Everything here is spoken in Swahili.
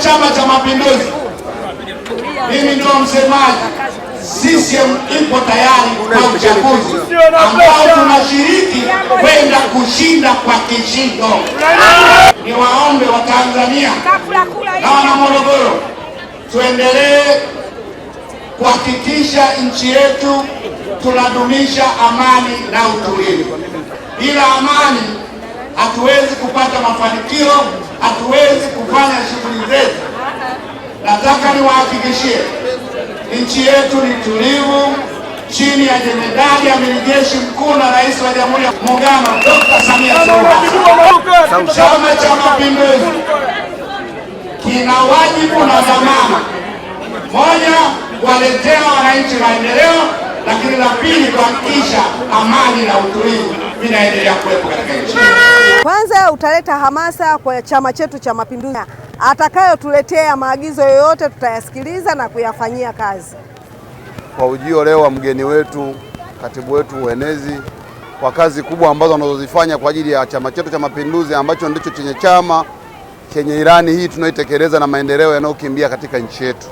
Chama cha Mapinduzi, mimi ndio msemaji. CCM ipo tayari kwa uchaguzi ambao tunashiriki kwenda kushinda kwa kishindo. Ni waombe wa Tanzania na wana Morogoro, tuendelee kuhakikisha nchi yetu tunadumisha amani na utulivu. Bila amani hatuwezi kupata mafanikio, hatuwezi Nataka niwahakikishie nchi yetu ni tulivu chini ya jemedali amiri jeshi mkuu na rais wa Jamhuri ya Muungano Dr. Samia Suluhu Chama cha Mapinduzi kina wajibu na dhamana moja, kuwaletea wananchi maendeleo, lakini la pili, kuhakikisha amani na utulivu vinaendelea kuwepo katika nchi. Kwanza utaleta hamasa kwa chama chetu cha Mapinduzi atakayotuletea maagizo yoyote tutayasikiliza na kuyafanyia kazi. Kwa ujio leo wa mgeni wetu, katibu wetu uenezi, kwa kazi kubwa ambazo anazozifanya kwa ajili ya chama chetu cha Mapinduzi ambacho ndicho chenye chama chenye ilani hii tunaoitekeleza na maendeleo yanayokimbia katika nchi yetu.